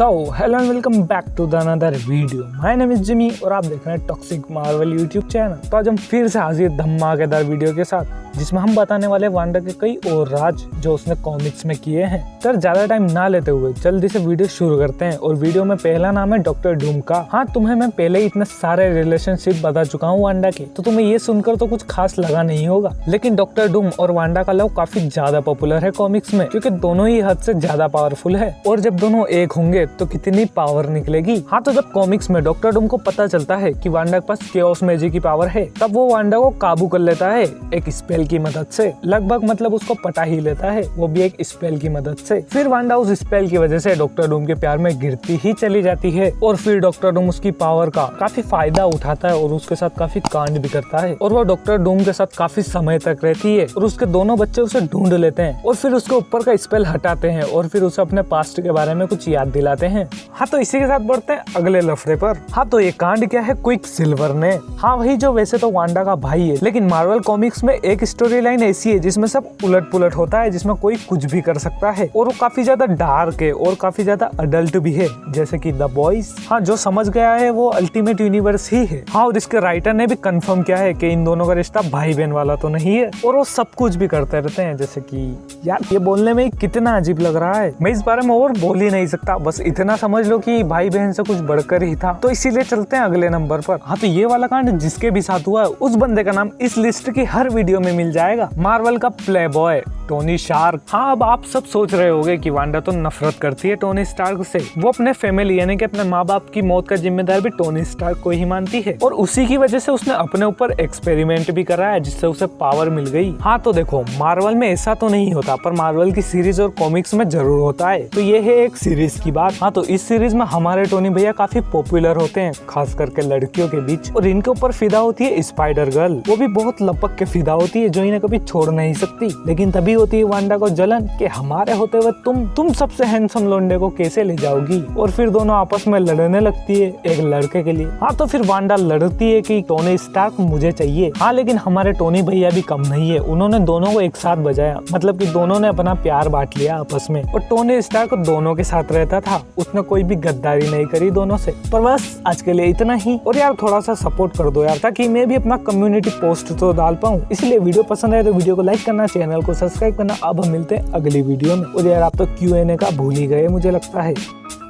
so hello and welcome back to the another video my name is Jimmy और आप देख रहे हैं टॉक्सिक मार्वल यूट्यूब चैनल तो आज हम फिर से हाजिर धमाकेदार वीडियो के साथ जिसमें हम बताने वाले वांडा के कई और राज जो उसने कॉमिक्स में किए हैं सर ज्यादा टाइम ना लेते हुए जल्दी से वीडियो शुरू करते हैं और वीडियो में पहला नाम है डॉक्टर डूम का हाँ तुम्हें मैं पहले ही इतने सारे रिलेशनशिप बता चुका हूँ वांडा के तो तुम्हें ये सुनकर तो कुछ खास लगा नहीं होगा लेकिन डॉक्टर डूम और वांडा का लव काफी ज्यादा पॉपुलर है कॉमिक्स में क्योंकि दोनों ही हद से ज्यादा पावरफुल है और जब दोनों एक होंगे तो कितनी पावर निकलेगी हाँ तो जब कॉमिक्स में डॉक्टर डूम को पता चलता है कि वांडा के पास केओस मैजिक की पावर है तब वो वांडा को काबू कर लेता है एक स्पेल की मदद से लगभग मतलब उसको पटा ही लेता है वो भी एक स्पेल की मदद से फिर वांडा उस स्पेल की वजह से डॉक्टर डूम के प्यार में गिरती ही चली जाती है और फिर डॉक्टर डूम उसकी पावर का काफी फायदा उठाता है और उसके साथ काफी कांड भी करता है और वो डॉक्टर डूम के साथ काफी समय तक रहती है और उसके दोनों बच्चे उसे ढूंढ लेते हैं और फिर उसके ऊपर का स्पेल हटाते हैं और फिर उसे अपने पास्ट के बारे में कुछ याद दिलाते जाते हैं हाँ तो इसी के साथ बढ़ते हैं अगले लफड़े पर हाँ तो ये कांड क्या है क्विक सिल्वर ने हाँ वही जो वैसे तो वांडा का भाई है लेकिन मार्वल कॉमिक्स में एक स्टोरी लाइन ऐसी है जिसमें सब उलट पुलट होता है जिसमें कोई कुछ भी कर सकता है और वो काफी ज्यादा डार्क है और काफी ज्यादा अडल्ट भी है जैसे की द बॉयज हाँ जो समझ गया है वो अल्टीमेट यूनिवर्स ही है हाँ और इसके राइटर ने भी कंफर्म किया है की इन दोनों का रिश्ता भाई बहन वाला तो नहीं है और वो सब कुछ भी करते रहते हैं जैसे की यार ये बोलने में कितना अजीब लग रहा है मैं इस बारे में और बोल ही नहीं सकता बस इतना समझ लो कि भाई बहन से कुछ बढ़कर ही था तो इसीलिए चलते हैं अगले नंबर पर हाँ तो ये वाला कांड जिसके भी साथ हुआ है उस बंदे का नाम इस लिस्ट की हर वीडियो में मिल जाएगा मार्वल का प्ले बॉय टोनी शार्क हाँ अब आप सब सोच रहे होंगे कि वांडा तो नफरत करती है टोनी स्टार्क से वो अपने फैमिली यानी कि अपने माँ बाप की मौत का जिम्मेदार भी टोनी स्टार्क को ही मानती है और उसी की वजह से उसने अपने ऊपर एक्सपेरिमेंट भी करा है जिससे उसे पावर मिल गई हाँ तो देखो मार्वल में ऐसा तो नहीं होता पर मार्वल की सीरीज और कॉमिक्स में जरूर होता है तो ये है एक सीरीज की बात हाँ तो इस सीरीज में हमारे टोनी भैया काफी पॉपुलर होते हैं खास करके लड़कियों के बीच और इनके ऊपर फिदा होती है स्पाइडर गर्ल वो भी बहुत लपक के फिदा होती है जो इन्हें कभी छोड़ नहीं सकती लेकिन तभी होती है वांडा को जलन कि हमारे होते हुए तुम तुम सबसे हैंडसम लोंडे को कैसे ले जाओगी और फिर दोनों आपस में लड़ने लगती है एक लड़के के लिए हाँ तो फिर वांडा लड़ती है की टोनी स्टार्क मुझे चाहिए हाँ लेकिन हमारे टोनी भैया भी कम नहीं है उन्होंने दोनों को एक साथ बजाया मतलब की दोनों ने अपना प्यार बांट लिया आपस में और टोनी स्टार्क दोनों के साथ रहता था उसने कोई भी गद्दारी नहीं करी दोनों से पर बस आज के लिए इतना ही और यार थोड़ा सा सपोर्ट कर दो यार ताकि मैं भी अपना कम्युनिटी पोस्ट तो डाल पाऊँ इसलिए वीडियो पसंद आए तो वीडियो को लाइक करना चैनल को सब्सक्राइब सब्सक्राइब करना अब हम मिलते हैं अगली वीडियो में और यार आप तो क्यू का भूल ही गए मुझे लगता है